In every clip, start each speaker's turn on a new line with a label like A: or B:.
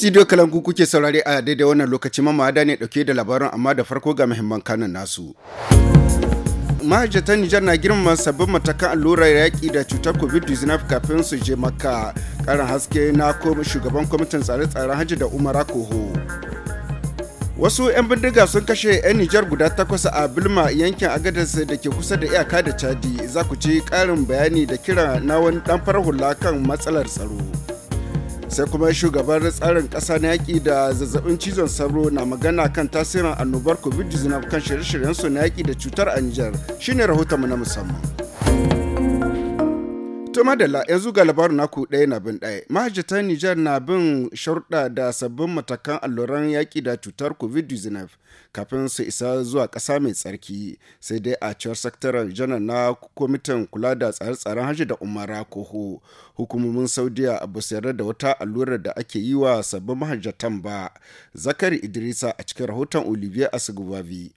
A: Studio Kalangu kuke saurari a daidai wannan lokaci mamada ne dauke da labarin amma da farko ga muhimman kanin nasu. mahajjatan Nijar na girmama sabbin matakan allurar yaƙi da cutar COVID-19 kafin su je maka ƙarin haske na shugaban kwamitin tsare-tsaren hajji da umara koho. Wasu 'yan bindiga sun kashe 'yan Nijar guda takwas a Bilma yankin Agadas da ke kusa da iyaka da Chadi za ku ci karin bayani da kira na wani dan farar hula kan matsalar tsaro. sai kuma shugaban tsarin ƙasa na yaƙi da zazzabin cizon sauro na magana kan tasirin annobar covid-19 kan shirye shiryen su na yaƙi da cutar a Nijar shine mu na musamman. To madalla yanzu ga labarin naku ɗaya na bin ɗaya. mahajjatan Nijar na bin sharuɗa da sabbin matakan alluran yaƙi da cutar COVID-19 kafin su isa zuwa ƙasa mai tsarki sai dai a cewar sakataren janar na kwamitin kula da tsare-tsaren hajji da umara koho hukumomin saudiya ba su yarda da wata allurar da ake yi wa sabbin mahajjatan ba zakari idrisa a cikin rahoton olivier asigubavi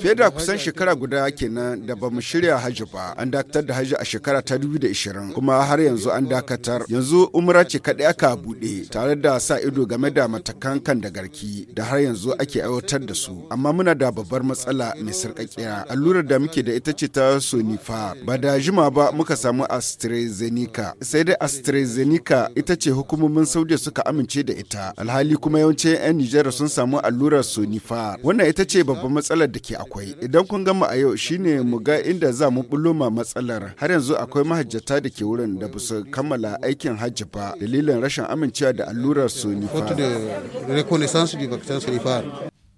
A: fiye da kusan shekara guda kenan da ba mu shirya hajji ba an dakatar da hajji a shekara ta 2020 kuma har yanzu an dakatar yanzu umra ce kaɗai aka buɗe tare da sa ido game da matakan kan da garki da har yanzu ake aiwatar da su amma muna da babbar matsala mai sarƙaƙiya allurar da muke da ita ce ta sonifa ba da jima ba muka samu astrazeneca sai dai astrazeneca ita ce hukumomin saudiya suka amince da ita alhali kuma yawancin 'yan nijar sun samu allurar sonifa wannan ita ce babbar matsalar da ke akwai idan kun gama a yau shine mu ga inda za mu bullo a matsalar har yanzu akwai mahajjata da ke wurin da ba su kammala aikin hajji ba dalilin rashin amincewa da allurar sonifa.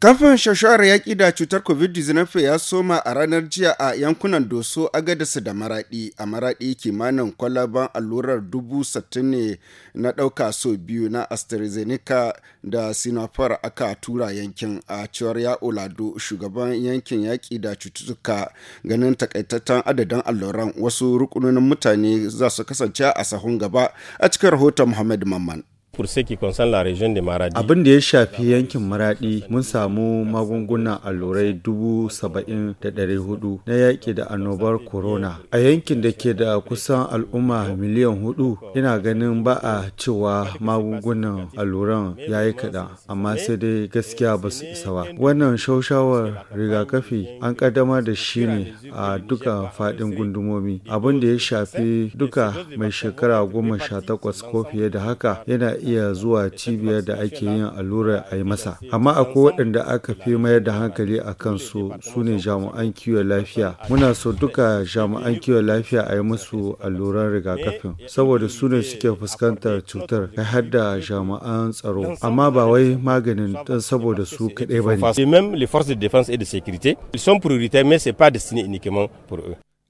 A: Kafin shashawar yaƙi da cutar COVID-19 ya soma a ranar jiya a yankunan Doso, Agadasa da Maraɗi. A Maraɗi kimanin kwalaban allurar dubu ne na ɗauka so biyu na AstraZeneca da Sinopar aka tura yankin a cewar ya Olado shugaban yankin yaƙi da cututtuka ganin takaitattun adadin alluran wasu rukunin mutane za su kasance a sahun gaba a cikin rahoton Muhammad Mamman.
B: Abin da ya shafi yankin Maradi mun samu magungunan allurai dubu saba'in da ɗari hudu na yaki da annobar corona. A yankin da ke da kusan al'umma miliyan hudu ina ganin ba a cewa magungunan alluran ya yi kaɗan amma sai dai gaskiya ba su isa ba. Wannan shaushawar rigakafi an ƙaddamar da shi ne a duka faɗin gundumomi. Abin da ya shafi duka mai shekara goma sha takwas ko fiye da haka yana iya zuwa cibiyar da ake yin allurar a yi masa amma akwai waɗanda aka fi mayar da hankali a kansu su ne jami'an kiwon lafiya muna so duka jami'an kiwon lafiya a yi musu alluran rigakafin saboda su ne suke fuskantar cutar ya har jami'an tsaro amma ba wai maganin don saboda su kaɗai ba ne.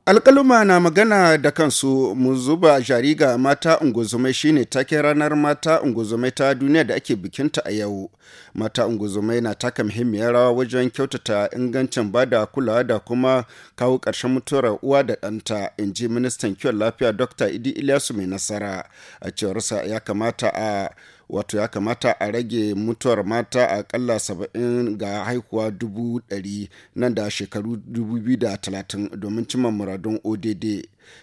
A: alkaluma na magana da kansu mu zuba jari ga mata unguzume shine take ranar mata unguzume ta duniya da ake bikinta a yau mata unguzume na taka muhimmiyar rawa wajen kyautata ingancin ba da kulawa da kuma kawo ƙarshen mutuwar uwa da ɗanta in ji ministan kiwon lafiya dr idi ilyasu mai nasara a cewarsa ya kamata a wato ya kamata a rage mutuwar mata a kalla saba'in ga haihuwa dubu nan da shekaru dubu talatin domin cimma muradun odd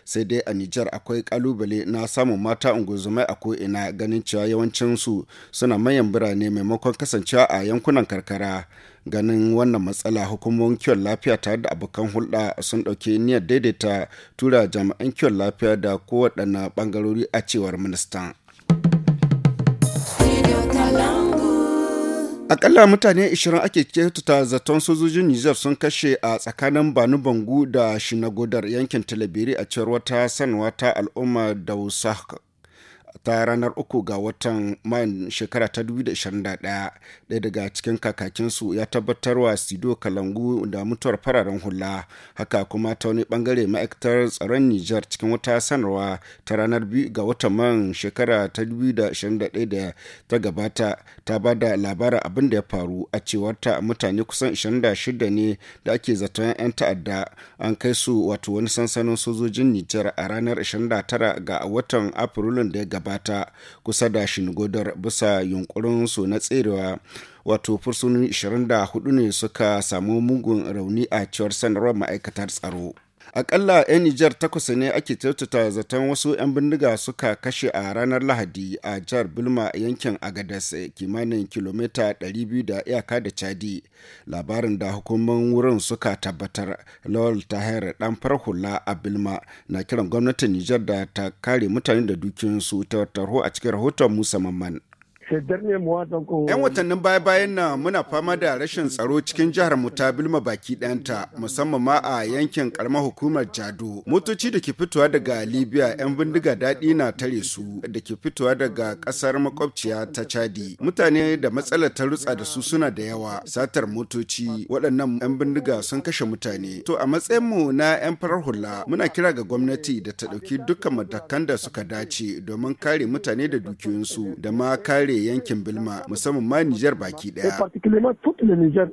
A: sai dai a nijar akwai kalubale na samun mata unguzumai a ko'ina ganin cewa yawancinsu suna manyan birane maimakon kasancewa a yankunan karkara ganin wannan matsala hukumomin kiwon lafiya tare da abokan hulɗa sun ɗauki niyyar daidaita tura jami'an kiwon lafiya da kowaɗanne ɓangarori a cewar ministan. Akalla mutane 20 ake kyautata zaton sojojin Nijar sun kashe a tsakanin Banu Bangu da Shinagodar yankin Talabiri a cewar wata sanwa ta al'umma da Wusak. ta ranar uku ga watan mayan shekara ta 2021 ɗaya daga cikin kakakinsu ya tabbatar wa sido kalangu da mutuwar fararen hula haka kuma ta wani bangare ma'aikatar tsaron nijar cikin wata sanarwa ta ranar biyu ga watan man shekara ta 2021 da ta gabata ta ba da labarin abin da ya faru a cewar ta mutane kusan 26 ne da ake zaton 'yan ta'adda an kai su wato wani sansanin sojojin nijar a ranar 29 ga watan afrilun da ya gabata gabata kusa da shingodar bisa yunkurin su na tserewa wato da 24 ne suka samu mugun rauni a cewar sanarwar ma'aikatar tsaro Akalla 'yan Nijar takwas ne ake kyautata zaton wasu 'yan bindiga suka kashe a ranar Lahadi a jihar Bilma yankin Agadas kimanin kilomita 200 da iyaka da Chadi. Labarin da hukumomin wurin suka tabbatar Lawal Tahir dan farhula a Bilma na kiran gwamnatin Nijar da ta kare mutane da dukiyoyinsu ta tarho a cikin rahoton Musa Mamman. 'Yan watannin baya-bayan nan muna fama da rashin tsaro cikin jihar mu ta Bilma baki ɗanta musamman ma a yankin karamar hukumar Jado. Motoci da ke fitowa daga Libya 'yan bindiga daɗi na tare su da ke fitowa daga ƙasar makwabciya ta Chadi. Mutane da matsalar ta rutsa da su suna da yawa satar motoci waɗannan 'yan bindiga sun kashe mutane. To a matsayin mu na 'yan farar hula muna kira ga gwamnati da ta ɗauki dukkan matakan da suka dace domin kare mutane da dukiyoyinsu da ma kare mamaye yankin Bilma musamman ma Nijar baki daya.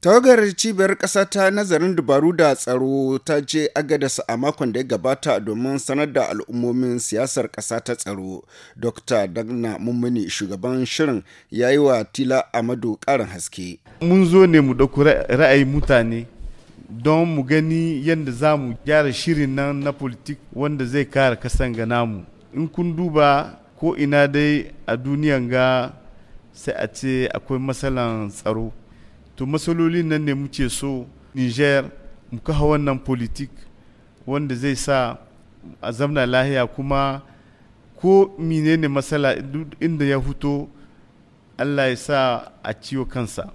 A: Tawagar cibiyar ƙasa ta nazarin dabaru da tsaro ta je agadasa a makon da ya gabata domin sanar da al'ummomin siyasar ƙasa ta tsaro. Dr. Dagna Mummuni shugaban shirin ya yi wa Tila Amadu ƙarin haske.
B: Mun zo ne mu ɗauki ra'ayin mutane don mu gani yadda za mu gyara shirin nan na politik wanda zai kare kasan ga namu. In kun duba ko ina dai a duniyan ga sai a ce akwai matsalan tsaro to matsaloli nan ne muke so niger mu kawo wannan politik wanda zai sa a zamna lahiya kuma ko menene matsala inda ya huto allah ya sa a ciwo kansa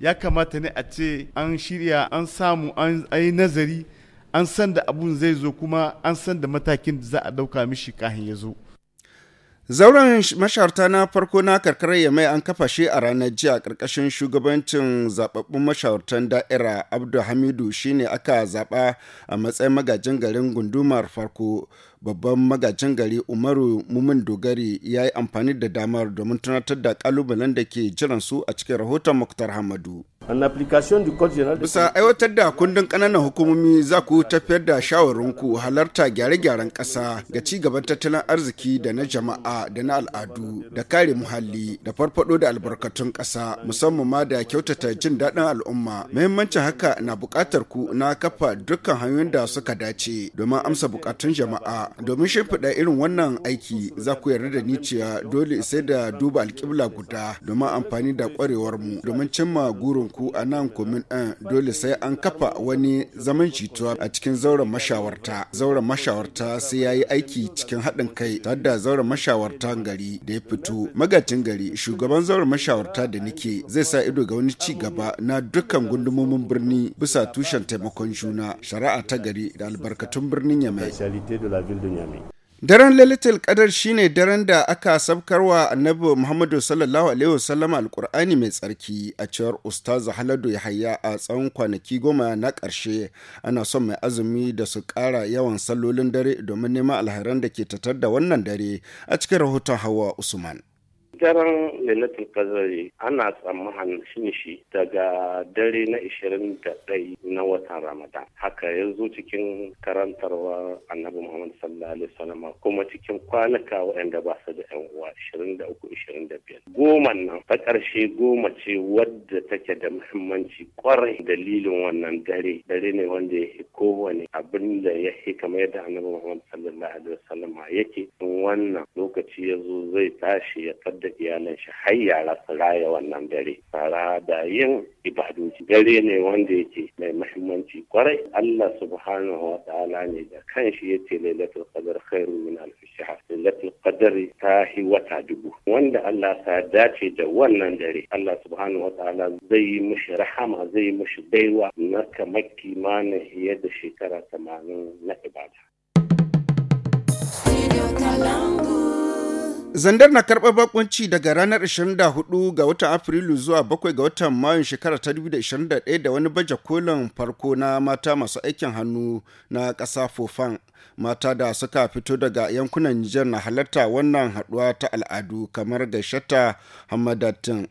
B: ya kamata ne a ce an shirya an samu an yi nazari an san da abun zai zo kuma an san da matakin
A: da za a dauka mishi kahin ya zo Zauren masharta na farko na karkarar mai an kafa shi a ranar jiya ƙarƙashin shugabancin zaɓaɓɓun mashawartan da'ira abdulhamidu shine aka zaɓa a matsayin magajin garin gundumar farko babban magajin gari umaru mumin dogari ya yi amfani da damar domin tunatar da kalubalen da ke jiran su a cikin rahoton muktar hamadu bisa aiwatar da kundin kananan hukumomi za ku tafiyar da shawararku halarta gyare-gyaren ƙasa ga ci gaban tattalin arziki da na jama'a da na al'adu da kare muhalli da farfado da albarkatun ƙasa musamman ma da kyautata jin daɗin al'umma muhimmancin haka na buƙatar ku na kafa dukkan hanyoyin da suka dace domin amsa buƙatun jama'a domin shimfiɗa irin wannan aiki za ku yarda da ni cewa dole sai da duba alƙibla guda domin amfani da ƙwarewar mu domin cimma gurin ku a nan komin ɗin dole sai an kafa wani zaman jituwa a cikin zauren mashawarta zauren mashawarta sai ya yi aiki cikin haɗin kai tare da zauren mashawarta gari da ya fito magacin gari shugaban zauren mashawarta da nike zai sa ido ga wani ci gaba na dukkan gundumomin birni bisa tushen taimakon juna shari'a ta gari da albarkatun birnin yamai duniya mai. Daren Lailatul Qadar shine daren da aka sabkarwa Annabi Muhammadu sallallahu alaihi wasallam alkur'ani mai tsarki a cewar Ustaz Haladu Yahaya a tsawon kwanaki goma na ƙarshe ana son mai azumi da su ƙara yawan sallolin dare domin neman alheran da ke tattar da wannan dare a cikin rahoton Hawa Usman.
B: Daren lilatul kazari ana tsammanin shi shi daga dare na 21 na watan Ramadan. Haka yanzu cikin karantarwa Annabi Muhammad sallallahu alaihi wasallam kuma cikin kwanaka waɗanda ba su da yan uwa 23 25. Goma nan ta ƙarshe goma ce wadda take da muhimmanci kwarai dalilin wannan dare. Dare ne wanda ya kowane abin da ya kamar yadda Annabi Muhammad sallallahu alaihi wasallam yake wannan lokaci yanzu zai tashi ya kadda da iyalan shi har yara su raya wannan dare fara da yin ibadoji dare ne wanda yake mai mahimmanci kwarai Allah subhanahu wa ta'ala ne da kanshi ya yace lailatul qadar khairun min alf shahr lailatul qadar ta hi wata dubu wanda Allah ta dace da wannan dare Allah subhanahu wa ta'ala zai yi mushi rahama zai yi mishi baiwa
A: na kamar kimanin hiya da shekara 80 na ibada. Video talangu. Zandar na karɓar bakunci daga ranar 24 ga watan Afrilu zuwa 7 ga watan Mayun shekara 2021 da wani baje kolin farko na mata masu aikin hannu na ƙasa Fofan. Mata da suka fito daga yankunan Nijar na halarta wannan haɗuwa ta al'adu kamar Gaishata Hamadatin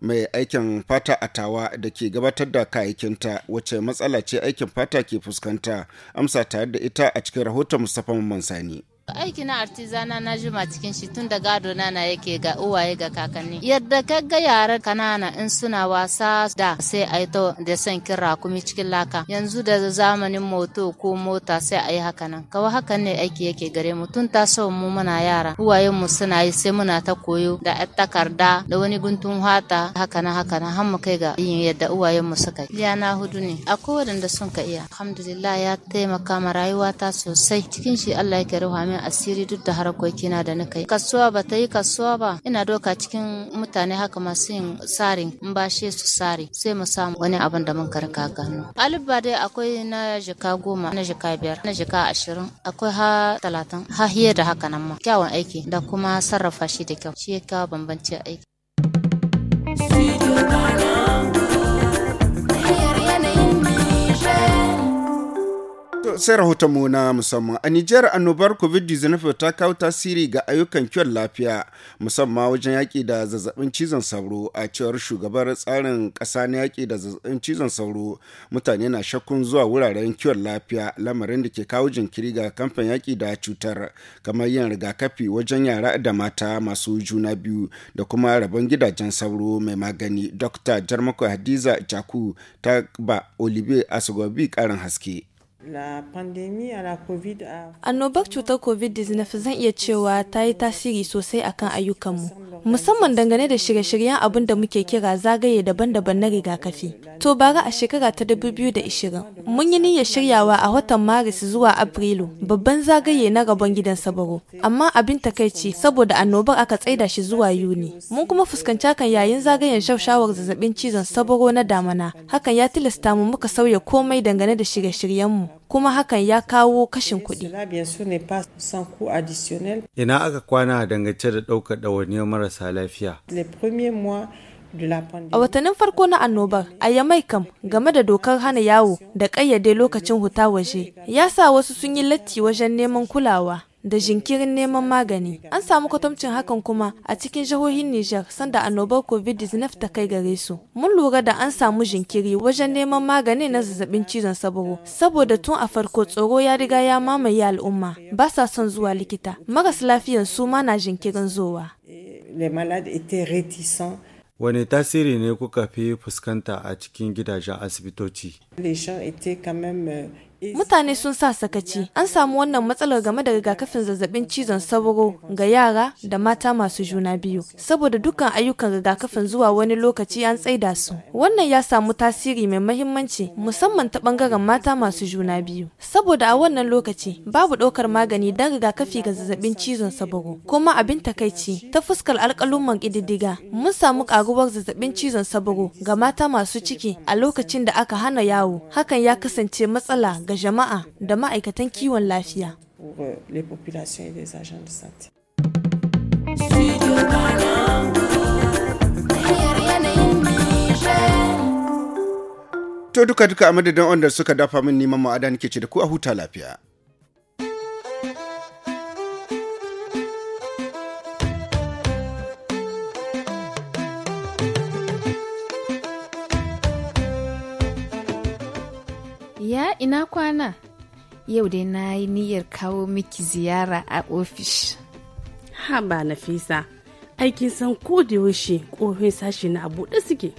A: mai aikin fata a tawa da ke gabatar da kayayyakinta wacce matsala ce aikin fata ke fuskanta amsa tare da ita a cikin rahoton Mustapha Mansani.
C: aiki na artizana na juma cikin shi tun da gado na yake ga uwaye ga kakanni yadda ka ga yaran kanana in suna wasa da sai a yi da san kira kuma cikin laka yanzu da zamanin moto ko mota sai a yi haka nan kawai hakan ne aiki yake gare mu tun taso mu muna yara Uwaye mu suna yi sai muna ta koyo da takarda da wani guntun hata haka nan haka har mu kai ga yin yadda uwaye mu suka yi yana hudu ne akwai waɗanda sun ka iya alhamdulillah ya taimaka ma rayuwata sosai cikin shi Allah ya kare min asiri duk da na da na kai kasuwa ba ta yi kasuwa ba ina doka cikin mutane haka masu yin sarin in bashe su sai mu samu wani abin da mun karka gano alibba dai akwai na jika goma na jika biyar na jika ashirin akwai ha talatin ha hiye da haka nan ma kyawun aiki da kuma sarrafa shi da kyau shi ya kawo bambanci aiki.
A: sai rahotonmu na musamman a Nijar annobar COVID-19 ta kawo tasiri ga ayyukan kiwon lafiya musamman wajen yaƙi da zazzabin cizon sauro a cewar shugabar tsarin ƙasa na yaƙi da zazzabin cizon sauro mutane na shakkun zuwa wuraren kiwon lafiya lamarin da ke kawo jinkiri ga kamfan yaƙi da cutar kamar yin rigakafi wajen yara da mata masu juna biyu da kuma rabon gidajen sauro mai magani Dr. Jarmako Hadiza Jaku ta ba Olivier asugobi karin haske.
D: Annobar cutar COVID-19 zan iya cewa ta yi tasiri sosai akan ayyukanmu, musamman dangane da shirye-shiryen abin da muke kira zagaye daban-daban na rigakafi. To bara a shekara ta 2020, mun yi niyyar shiryawa a watan Maris zuwa Afrilu babban zagaye na rabon gidan sabaro, amma abin takaici saboda annobar aka tsaida shi zuwa Yuni. Mun kuma fuskanci hakan yayin zagayen shawar zazzabin cizon sabaro na damana, hakan ya tilasta mu muka sauya komai dangane da shirye-shiryenmu. kuma hakan ya kawo kashin kuɗi.
B: Ina aka kwana a dangance da ɗaukar ɗawainiyar marasa lafiya.
D: A watannin farko na annobar, a Yamai kam game da dokar hana yawo da ƙayyade lokacin huta waje, ya sa wasu sun yi latti wajen neman kulawa. da jinkirin neman magani. An samu kwatamcin hakan kuma a cikin jihohin Nijar sanda annobar COVID-19 ta kai gare su. Mun lura da an samu jinkiri wajen neman magani na zazzabin cizon saboro, saboda tun a farko tsoro ya riga ya mamaye al'umma, ba sa son zuwa likita. Maras lafiyan su ma na jinkirin zowa.
B: Wane tasiri ne kuka fi fuskanta a cikin gidajen asibitoci?
D: Mutane sun sa sakaci. An samu wannan matsalar game da rigakafin zazzabin cizon sauro ga yara da mata masu juna biyu. Saboda dukkan ayyukan rigakafin zuwa wani lokaci an tsaida su. Wannan ya samu tasiri mai mahimmanci musamman ta bangaren mata masu juna biyu. Saboda a wannan lokaci babu ɗaukar magani don rigakafi ga zazzabin cizon sauro. Kuma abin takaici ta fuskar alƙaluman ƙididdiga mun samu ƙaruwar zazzabin cizon sauro ga mata masu ciki a lokacin da aka hana yawo. Hakan ya kasance matsala ga jama'a da ma'aikatan kiwon lafiya.
E: Euh,
A: to duka-duka a madadin wanda suka dafa min neman ma'ada nike ce da ku a huta lafiya.
E: ina kwana yau dai na yi niyyar kawo miki ziyara a ofis haba nafisa aikin san ko da yaushe ƙofin sashi na buɗe suke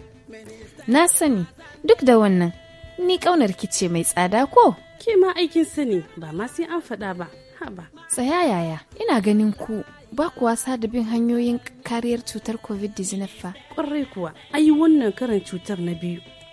E: na sani duk da wannan ni ƙaunar kice mai tsada ko ke ma aikin sani ba ma sai an faɗa ba ba. tsaya yaya ina ganin ku ba ku wasa da bin hanyoyin kariyar cutar covid-19 fa ƙwarai kuwa ayi wannan karin cutar na biyu